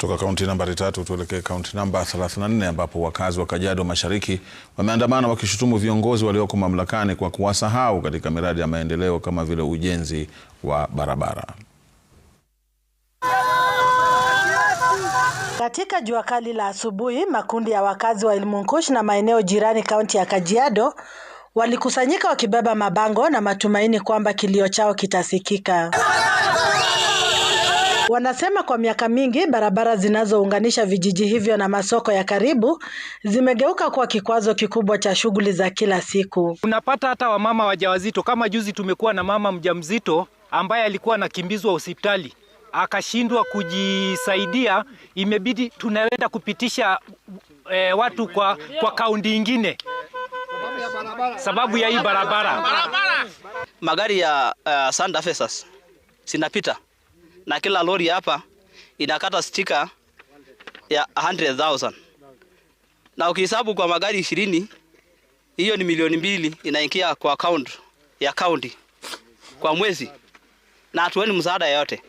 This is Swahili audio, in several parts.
Kutoka kaunti nambari tatu tuelekee kaunti namba 34 ambapo wakazi wa Kajiado Mashariki wameandamana wakishutumu viongozi walioko mamlakani kwa kuwasahau katika miradi ya maendeleo kama vile ujenzi wa barabara. Katika jua kali la asubuhi, makundi ya wakazi wa Ilmungush na maeneo jirani kaunti ya Kajiado walikusanyika wakibeba mabango na matumaini kwamba kilio chao kitasikika. Wanasema kwa miaka mingi barabara zinazounganisha vijiji hivyo na masoko ya karibu zimegeuka kuwa kikwazo kikubwa cha shughuli za kila siku. Unapata hata wamama wajawazito, kama juzi tumekuwa na mama mjamzito ambaye alikuwa anakimbizwa hospitali akashindwa kujisaidia, imebidi tunaenda kupitisha eh, watu kwa, kwa kaunti ingine sababu ya hii barabara. Magari ya uh, eh, Sanda Fesas sinapita na kila lori hapa inakata stika ya 100,000 na ukihesabu kwa magari ishirini, hiyo ni milioni mbili inaingia kwa account ya county kwa mwezi, na hatuoni msaada yote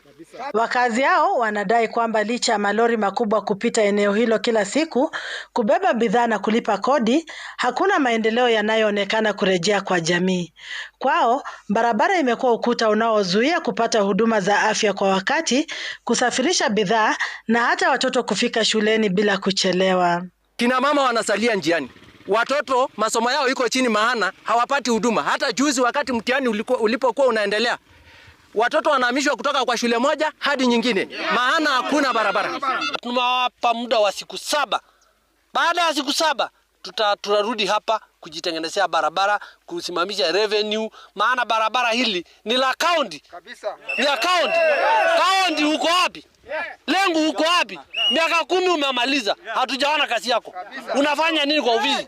Wakazi hao wanadai kwamba licha ya malori makubwa kupita eneo hilo kila siku kubeba bidhaa na kulipa kodi, hakuna maendeleo yanayoonekana kurejea kwa jamii. Kwao barabara imekuwa ukuta unaozuia kupata huduma za afya kwa wakati, kusafirisha bidhaa na hata watoto kufika shuleni bila kuchelewa. Kina mama wanasalia njiani, watoto masomo yao iko chini, maana hawapati huduma. Hata juzi wakati mtihani ulipokuwa unaendelea watoto wanahamishwa kutoka kwa shule moja hadi nyingine, maana hakuna barabara. Tumewapa muda wa siku saba. Baada ya siku saba tuta, tutarudi hapa kujitengenezea barabara, kusimamisha revenue, maana barabara hili ni la kaunti, ni ya kaunti. Kaunti huko wapi? Lengo huko wapi? Miaka kumi umemaliza, hatujaona kazi yako. Unafanya nini kwa uvizi?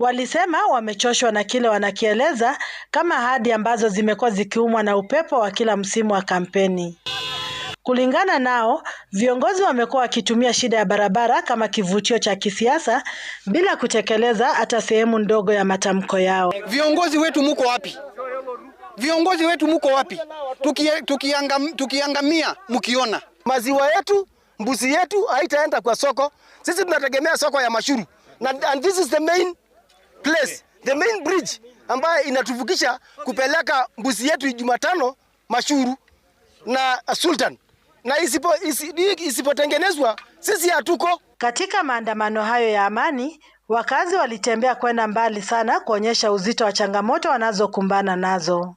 Walisema wamechoshwa na kile wanakieleza kama ahadi ambazo zimekuwa zikiumwa na upepo wa kila msimu wa kampeni. Kulingana nao, viongozi wamekuwa wakitumia shida ya barabara kama kivutio cha kisiasa bila kutekeleza hata sehemu ndogo ya matamko yao. Viongozi wetu muko wapi? Viongozi wetu muko wapi? Tukia, tukiangam, tukiangamia mkiona. Maziwa yetu, mbuzi yetu haitaenda kwa soko. Sisi tunategemea soko ya mashuru. And this is the main place, the main bridge ambayo inatuvukisha kupeleka mbuzi yetu Jumatano, mashuru na Sultan na isipo, isipotengenezwa sisi hatuko. Katika maandamano hayo ya amani, wakazi walitembea kwenda mbali sana kuonyesha uzito wa changamoto wanazokumbana nazo.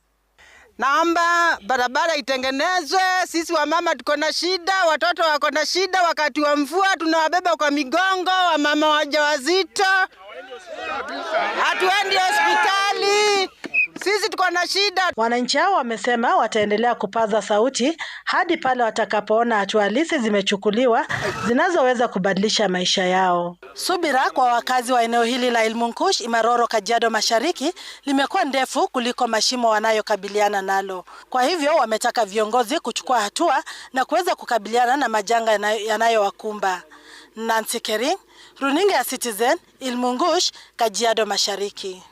Naomba barabara itengenezwe. Sisi wamama tuko na shida, watoto wako na shida. Wakati wa mvua tunawabeba kwa migongo, wamama wajawazito, hatuendi hospitali wana shida. Wananchi hao wamesema wataendelea kupaza sauti hadi pale watakapoona hatua halisi zimechukuliwa zinazoweza kubadilisha maisha yao. Subira kwa wakazi wa eneo hili la Ilmunkush, Imaroro, Kajiado Mashariki limekuwa ndefu kuliko mashimo wanayokabiliana nalo. Kwa hivyo wametaka viongozi kuchukua hatua na kuweza kukabiliana na majanga yanayowakumba. Nancy Kering, Runinga ya Citizen, Ilmungush, Kajiado Mashariki.